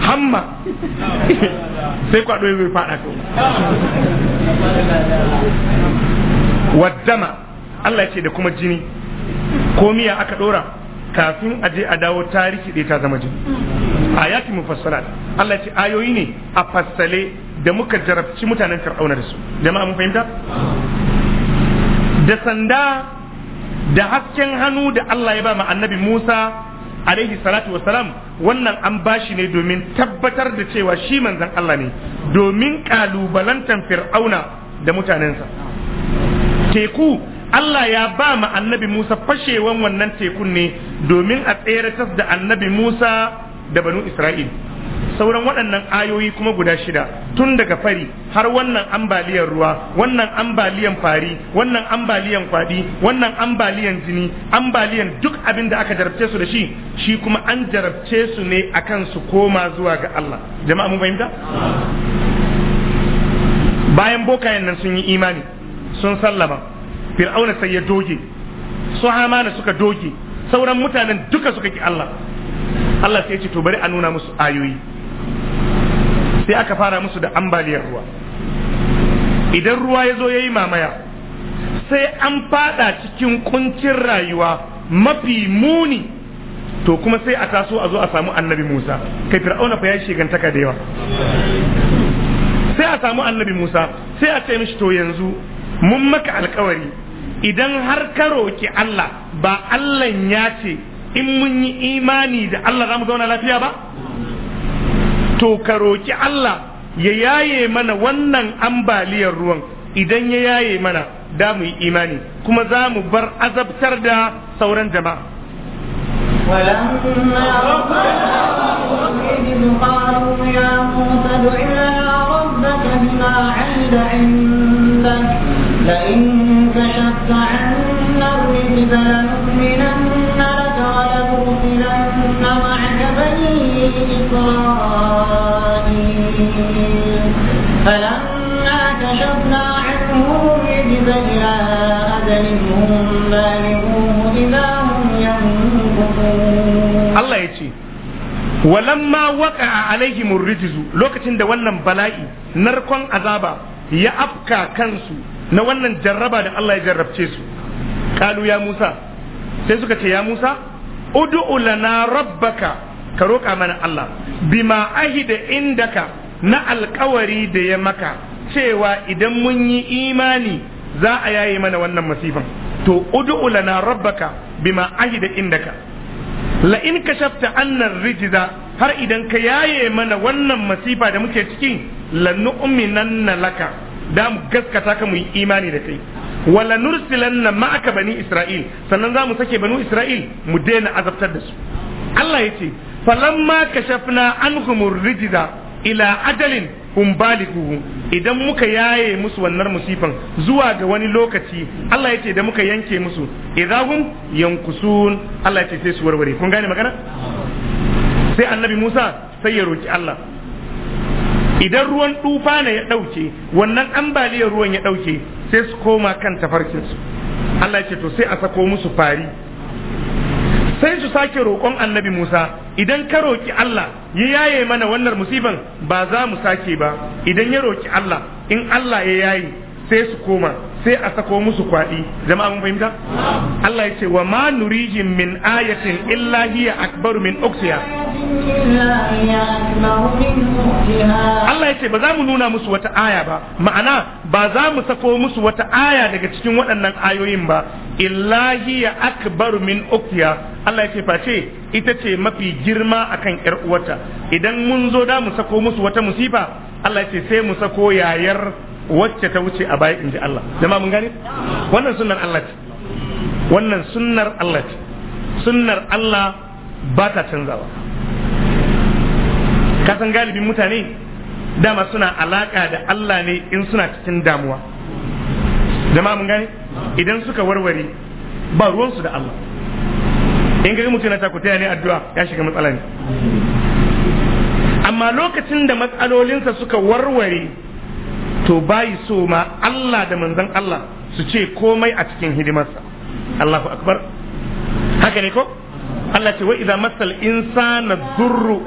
hamma sai kwaɗo ya zai faɗa ko waddama Allah ce da kuma jini ko miya aka ɗora kafin a je a dawo tarihi ɗaya ta zama jini ayati mufassalat Allah ce ayoyi ne a fassale da muka jarabci mutanen fir'auna da su jama'a mun fahimta da sanda da hasken hannu da Allah ya ba ma annabi Musa alaihi salatu salam wannan an bashi ne domin tabbatar da cewa shi manzan Allah ne domin kalubalantan fir'auna da mutanensa teku Allah ya ba ma annabi Musa fashewan wannan tekun ne domin a tseratas da annabi Musa da banu Isra'il. sauran waɗannan ayoyi kuma guda shida tun daga fari har wannan ambaliyar ruwa wannan ambaliyan fari wannan ambaliyan kwaɗi wannan ambaliyan jini ambaliyan duk abin da aka jarabce su da shi shi kuma an jarabce su ne akan su koma zuwa ga Allah jama'a mun fahimta bayan bokayen nan sun yi imani sun sallama fir'auna sai ya doge su hamana suka doge sauran mutanen duka suka ki Allah Allah sai ya ce to bari a nuna musu ayoyi sai aka fara musu da ambaliyar ruwa idan ruwa ya zo ya yi mamaya sai an fada cikin kuncin rayuwa mafi muni to kuma sai a taso a zo a samu annabi musa kai fir'auna fa ya shigantaka da yawa sai a samu annabi musa sai a ce mishi to yanzu mun maka alkawari idan har ka roki Allah ba Allah ya ce in mun yi imani da Allah za mu zauna lafiya ba to ka roki Allah ya yaye mana wannan ambaliyar ruwan idan ya yaye mana da mu yi imani kuma za mu bar azabtar da sauran jama'a ولما كذب لنؤمنن لك ولنرسلن معك بني إسرائيل فلما كشفنا عنهم الرجز إلى أجل هم بالغوه إذا هم ينكثون الله walamma waka a alaihim lokacin da wannan bala'i narkon azaba ya afka kansu na wannan jarraba da Allah ya jarrabce su kalu ya Musa sai suka ce ya Musa ud'u lana rabbaka ka roƙa mana Allah bima ahida indaka na alkawari da ya maka cewa idan mun yi imani za a yaye mana wannan masifan to ud'u lana rabbaka bima ahida indaka la in kashafta annar rijza har idan ka yaye mana wannan masifa da muke ciki lanu'minanna laka da mu gaskata ka mu yi imani da kai wala nursilanna ma'aka bani isra'il sannan za mu sake bani isra'il mu daina azabtar da su Allah ya ce falamma kashafna anhumur rijza ila ajalin hum balighu idan muka yaye musu wannan musifan zuwa ga wani lokaci Allah ya ce da muka yanke musu idahum yankusun Allah ya ce sai su warware kun gane magana sai annabi Musa sai ya roki Allah idan ruwan tufa ne ya dauke wannan ambaliyar ruwan ya dauke sai su koma kan tafarkinsu Allah ce to sai a sako musu fari sai su sake roƙon annabi Musa idan ka roƙi Allah ya yaye mana wannan musiban ba za mu sake ba idan ya roƙi Allah in Allah ya yaye sai su koma sai a sako musu kwaɗi jama'a mun fahimta Allah ya ce wa ma nurihim min ayatin illa hiya akbaru min uksiya Allah ya ce ba za mu nuna musu wata aya ba ma'ana ba za mu sako musu wata aya daga cikin waɗannan ayoyin ba illa hiya akbaru min uksiya Allah ya ce face ita ce mafi girma akan ƴar uwata idan mun zo da mu sako musu wata musifa Allah ya ce sai mu sako yayar wacce ta wuce a baya in ji Allah jama'a mun gane wannan sunnar Allah ce wannan sunnar Allah ce sunnar Allah ba ta canzawa ka san galibin mutane dama suna alaka da Allah ne in suna cikin damuwa jama'a mun gane idan suka warware ba ruwansu da Allah in ga mutum na takutaya ne addu'a ya shiga matsala ne amma lokacin da matsalolinsa suka warware to bayi so ma Allah da manzon Allah su ce komai a cikin hidimarsa Allahu akbar haka ne ko Allah ce wa idza masal insana durru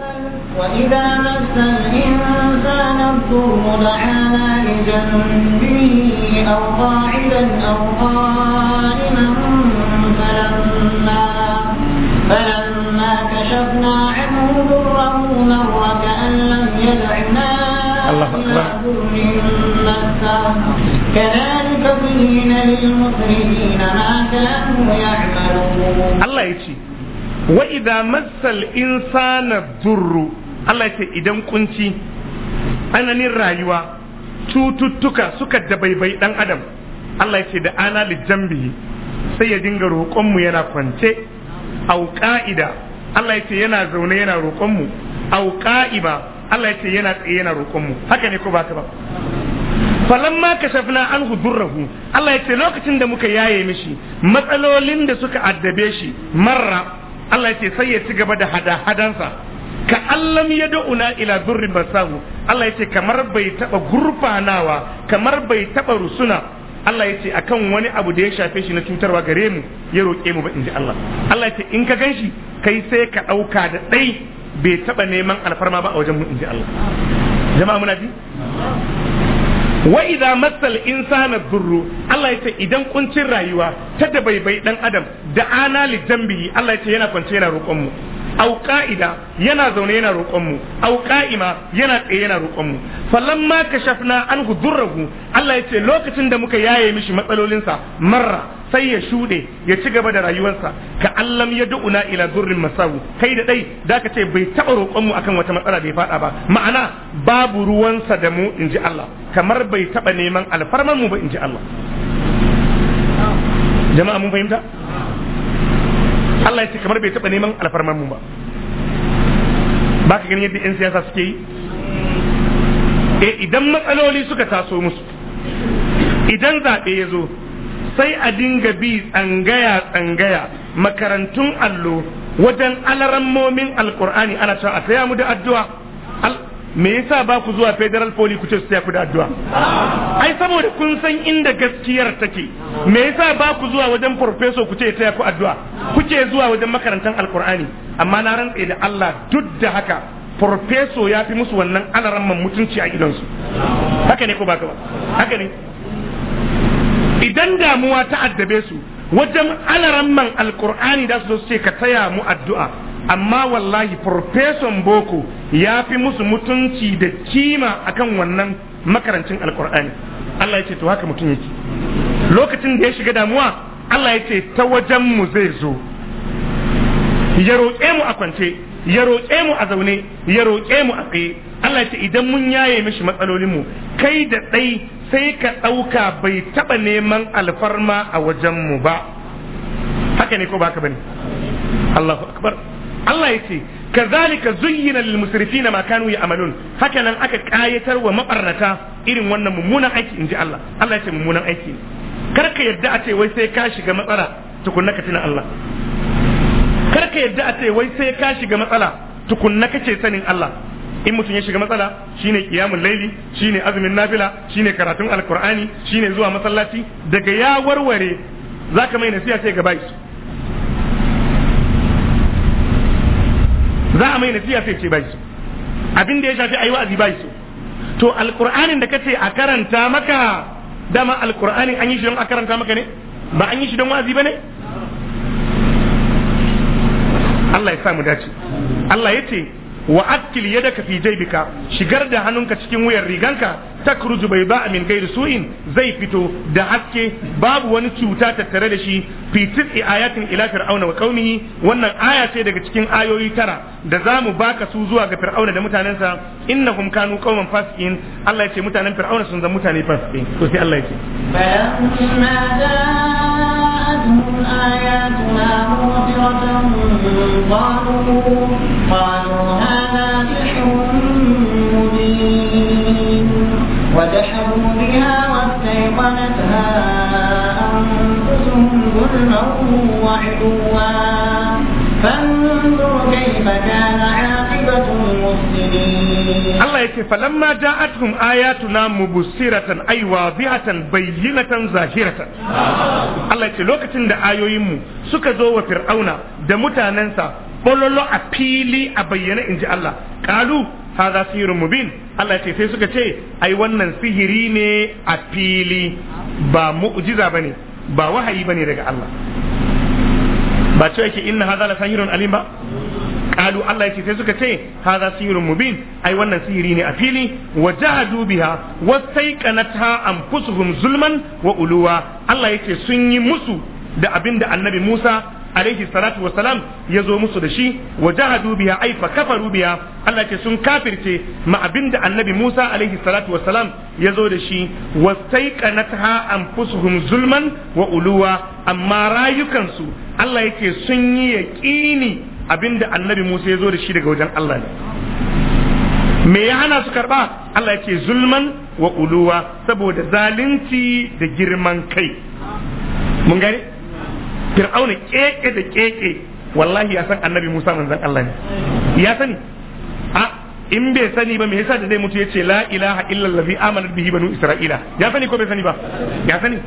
وإذا مس الإنسان الضر دعانا لجنبه أو قاعدا أو قائما فلما فلما كشفنا عنه ضره مر كأن لم يدعنا الله أكبر نفسه كذلك زين للمسرفين ما كانوا يعملون الله يجي وإذا مس الإنسان الضر ya ce idan kunci ananin rayuwa cututtuka suka dabaibai ɗan adam Allah ya ce da ana lijambihi sai ya dinga roƙonmu yana kwance au ka'ida Allah ya ce yana zaune yana roƙonmu au ka'iba Allah ya ce yana tsaye yana roƙonmu haka ne ko ba ka ba falamma kashafna anhu durrahu Allah yace lokacin da muka yaye mishi matsalolin da suka addabe shi marra Allah yace sai ya ci gaba da hada hadansa ka allam ya ila durri basahu Allah yace kamar bai taba gurfanawa kamar bai taba rusuna Allah yace akan wani abu da ya shafe shi na cutarwa gare mu ya roke mu ba inji Allah Allah yace in ka ganshi kai sai ka ɗauka da ɗai bai taba neman alfarma ba a wajen mu inji Allah jama'a muna ji wa idza massal insana durru Allah yace idan kuncin rayuwa ta dabaibai dan adam da ana li dambi Allah yace yana kwance yana roƙon mu aw qa'ida yana zaune yana roƙon mu aw qa'ima yana tsaye yana roƙon mu falamma kashafna anhu durrahu Allah yace lokacin da muka yaye mishi matsalolinsa marra sai ya shuɗe ya ci gaba da rayuwarsa ka allam ya du'una ila durrin masawu kai da dai da ka ce bai taɓa roƙon mu akan wata matsala bai faɗa ba ma'ana babu ruwansa da mu inji Allah kamar bai taɓa neman alfarman mu ba in Allah jama'a mun fahimta Allah ya ce kamar bai taɓa neman alfarmar mu ba Baka ka ganin yadda 'yan siyasa suke yi e idan matsaloli suka taso musu idan zaɓe ya zo sai a dinga bi tsangaya-tsangaya makarantun allo wajen alarammomin alkur'ani ana cewa a taya mu da addu'a me yasa ba ku zuwa federal police ku ce su ku da addu'a ai saboda kun san inda gaskiyar take me yasa ba ku zuwa wajen professor ku ce ya ku addu'a kuke zuwa wajen makarantar alkur'ani amma na rantse da Allah duk da haka professor ya fi musu wannan man mutunci a gidansu haka ne ko ba ba haka ne idan damuwa ta addabe su wajen man alkur'ani da su su ce ka taya mu addu'a amma wallahi farfeson boko ya fi musu mutunci da kima akan wannan makarancin alkur'ani Allah ya ce to haka mutum yake lokacin da ya shiga damuwa Allah ya ce ta wajen mu zai zo ya roƙe mu a kwance ya roƙe mu a zaune ya roƙe mu a tsaye Allah ya ce idan mun yaye mishi matsalolinmu kai da ɗai sai ka ɗauka bai taɓa neman alfarma a wajenmu ba haka ne ko ba ka bane Allahu akbar Allah ya ce kazalika zuyyina lil musrifina ma kanu ya'malun haka nan aka kayatar wa mabarnata irin wannan mummunan aiki inji Allah Allah ya ce mummunan aiki kar ka yadda a ce wai sai ka shiga matsala tukunna ka tuna Allah kar ka yadda a ce wai sai ka shiga matsala tukunna kace sanin Allah in mutum ya shiga matsala shine kiyamun laili shine azumin nafila shine karatun alkur'ani shine zuwa masallaci daga ya warware zaka mai nasiha sai ga bai za a mai nasiha sai ce bai su abin da ya shafi ayi wa'azi bai su to alqur'anin da kace a karanta maka dama alqur'ani an yi shi don a karanta maka ne ba an yi shi don wa'azi bane Allah ya sa mu dace Allah ya ce wa akil yadaka fi jaybika shigar da hannunka cikin wuyar riganka takruju bai ba min gairi su'in zai fito da haske babu wani cuta tattare da shi fi tis'i ayatin ila fir'auna wa qaumihi wannan aya ce daga cikin ayoyi tara da zamu baka su zuwa ga fir'auna da mutanensa innahum kanu qauman fasiqin Allah ya ce mutanen fir'auna sun zama mutane fasiqin to sai Allah ya ce ayatuna ce falamma ja'atkum ayatuna mubsiratan ay wadihatan bayyinatan zahiratan Allah ya ce lokacin da ayoyin mu suka zo wa fir'auna da mutanensa bololo a fili a bayyana inji Allah kalu hadha sihirun mubin Allah ya ce sai suka ce ai wannan sihiri ne a fili ba mu'jiza bane ba wahayi bane daga Allah ba ce yake inna hadha la sahirun alim ba qalu Allah yake sai suka ce hadha sihrun mubin ai wannan siri ne a fili wa jahadu biha wastaiqanatha anfusuhum zulman wa uluwa Allah yace sun yi musu da abinda annabi Musa alaihi salatu wasalam ya zo musu da shi wa jahadu biha ai fa kafaru Allah ce sun kafirce ma abinda annabi Musa alaihi salatu wasalam ya zo da shi wastaiqanatha anfusuhum zulman wa uluwa amma rayukansu Allah yake sun yi yaqini abinda annabi Musa ya zo da shi daga wajen Allah ne me ya hana su karba Allah ya ce zulman wa uluwa saboda zalunci da girman kai mun gani fir'auna keke da keke wallahi ya san annabi Musa manzon Allah ne ya sani a in bai sani ba me yasa da zai mutu ya ce la ilaha illa allazi amana bihi banu isra'ila ya sani ko bai sani ba ya sani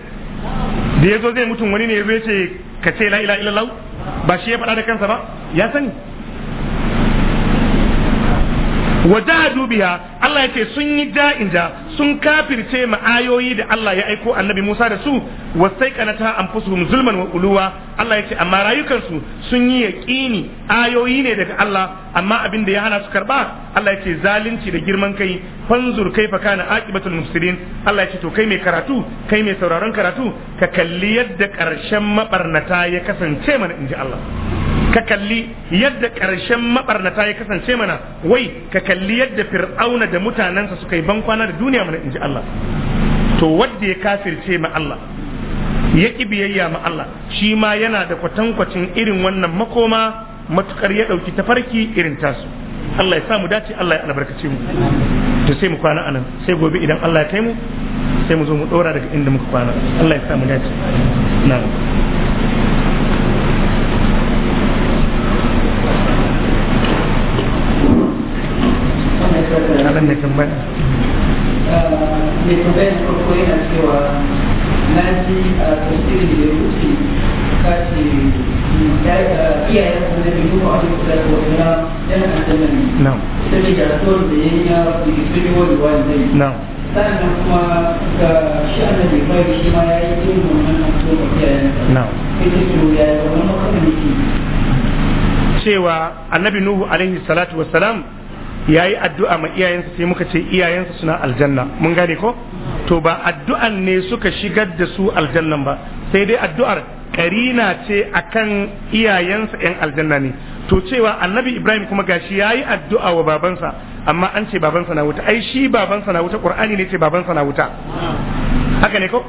da yazo zai mutun wani ne yazo ya ce ka ce la ilaha illallah ba shi ya faɗa da kansa ba ya sani wa jahadu biha Allah ya ce sun yi da'inja sun kafirce ma ayoyi da Allah ya aiko annabi Musa da su wasaiqanata anfusuhum zulman wa uluwa Allah yace amma rayukansu sun yi yaqini ayoyi ne daga Allah amma abin da ya hana su karba Allah yace zalunci da girman kai fanzur kaifa kana aqibatul mufsidin Allah yace to kai mai karatu kai mai sauraron karatu ka kalli yadda karshen mabarnata ya kasance mana inji Allah ka kalli yadda ƙarshen mabarnata ya kasance mana wai ka kalli yadda fir'auna da mutanensa suka yi bankwana da duniya mana inji Allah to wadda ya kafirce ma Allah ya ƙi biyayya ma Allah shi ma yana da kwatankwacin irin wannan makoma matukar ya ɗauki tafarki irin tasu Allah ya sa mu dace Allah ya albarkace mu to sai mu kwana anan sai gobe idan Allah ya kai mu sai mu zo mu ɗora daga inda muka kwana Allah ya sa mu dace na'am Eh, mai tambaya mai farko yana cewa na ji a da ya wuce ka ce su da wani kusa na yan ne saboda rasuwar da ya yi wani wani zai kuma ga shi annabi shi ma ya yi irin wannan iyayen na ya yi makamanci cewa annabi nuhu alaihi salatu wasalam. Ya yi addu'a ma iyayensa sai muka ce iyayensa suna aljanna mun gane ko to ba addu'an ne suka shigar da su aljannan ba sai dai addu'ar karina ce akan iyayensa yan aljanna ne to cewa annabi ibrahim kuma gashi yi addu'a wa babansa amma an ce babansa na wuta ai shi babansa na wuta qur'ani ne ce babansa na wuta haka ne ko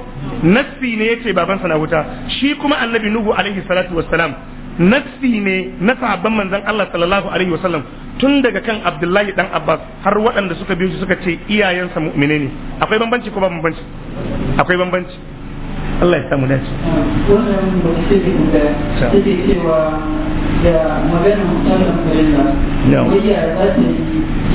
nassi ne ce babansa na wuta shi kuma annabi nuhu alaihi salatu wassalam nassi ne na sahabban manzon Allah sallallahu alaihi wasallam tun daga kan abdullahi dan abbas har waɗanda suka biyo shi suka ce iyayensa mu'mine ne akwai bambanci ko ba bambanci akwai bambanci Allah ya samu dace wannan ba ce da take cewa da magana mutanen za ta yi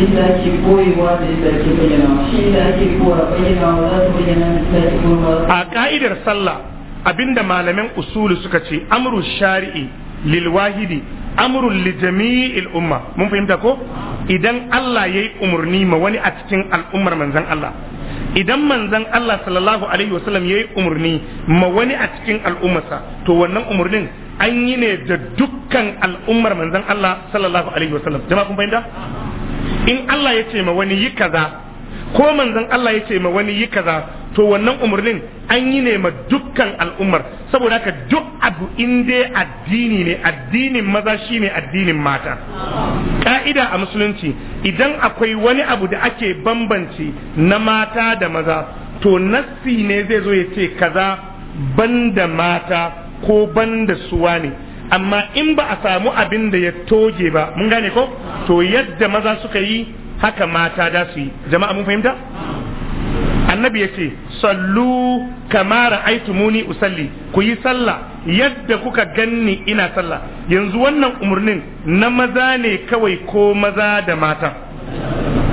inda ake koyewa da inda ake bayyana shi inda ake bayyana za ta bayyana da ake a ka'idar sallah abinda malamin usulu suka ce amru shari'i lil wahidi amrul li jami'il umma mun fahimta ko idan Allah yayi umurni ma wani a cikin al'ummar manzon Allah idan manzon Allah sallallahu alaihi wasallam yayi umurni ma wani a cikin al'ummarsa to wannan umurnin an yi ne da dukkan al'ummar manzon Allah sallallahu alaihi wasallam jama'a kun fahimta in Allah ya ce ma wani yi kaza ko manzon Allah ya ce ma wani yi kaza to wannan umarnin an yi ne ma dukkan al'ummar saboda haka duk abu in dai addini ne addinin maza shine addinin mata ka'ida a musulunci idan akwai wani abu da ake bambanci na mata da maza to nassi ne zai zo ya ce kaza banda mata ko banda suwa ne amma in ba a samu abin da ya toge ba mun gane ko to yadda maza suka yi haka mata da su yi jama'a mun fahimta annabi ya sallu kamara aitumuni usalli ku yi sallah yadda kuka ganni ina sallah yanzu wannan umarnin na maza ne kawai ko maza da mata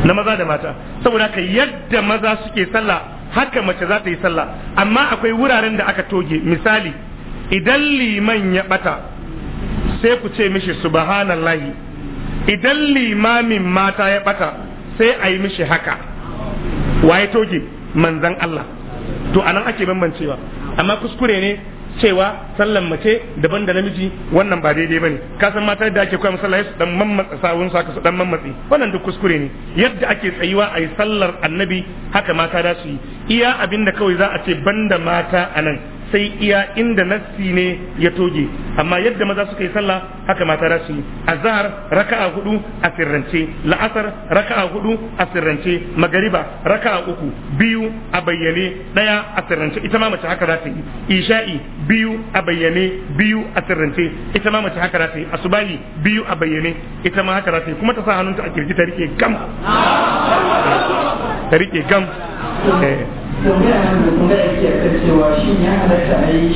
na maza da mata saboda haka yadda maza suke sallah haka mace za ta yi sallah amma akwai wuraren da aka toge misali idan liman ya bata sai ku ce mishi subhanallahi idan limamin mata ya bata sai a yi mishi haka waye toge manzan Allah to anan ake bambancewa amma kuskure ne cewa sallan mace daban da namiji wannan ba daidai bane ka san mata da ake koya musalla su dan mammatsa sawun su su dan mammatsi wannan duk kuskure ne yadda ake tsayuwa a yi sallar annabi haka mata da su yi iya abinda kawai za a ce banda mata anan sai iya inda nassi ne ya toge amma yadda maza suka yi sallah haka mata za su yi azhar raka'a hudu a sirrance la'asar raka'a hudu a sirrance magariba raka'a uku biyu a bayyane daya a sirrance ita ma mace haka za ta yi isha'i biyu a bayyane biyu a sirrance ita ma mace haka za ta yi asubahi biyu a bayyane ita ma haka za ta yi kuma ta sa hannunta a kirji ta rike gam ta rike gam Eh. ya halatta a yi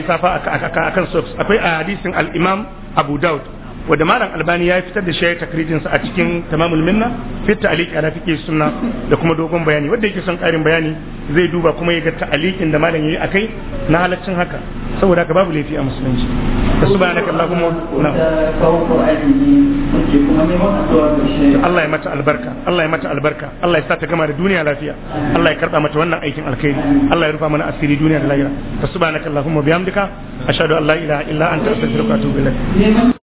shafa a kan safa akan socks akwai a hadisin al-imam abu daud wanda malam albani ya fitar da shi takrijin sa a cikin tamamul minna fi ta'liq ala fiqh sunna da kuma dogon bayani wanda yake son karin bayani zai duba kuma ya ga ta'liqin da malam yayi akai na halaccin haka saboda ka babu laifi a musulunci subhanaka allahumma na Allah ya mata albarka Allah ya mata albarka Allah ya sa ta gama da duniya lafiya Allah ya karba mata wannan aikin alkhairi Allah ya rufa mana asiri duniya da lahira subhanaka allahumma bihamdika ashhadu an la ilaha illa anta astaghfiruka wa atubu ilaik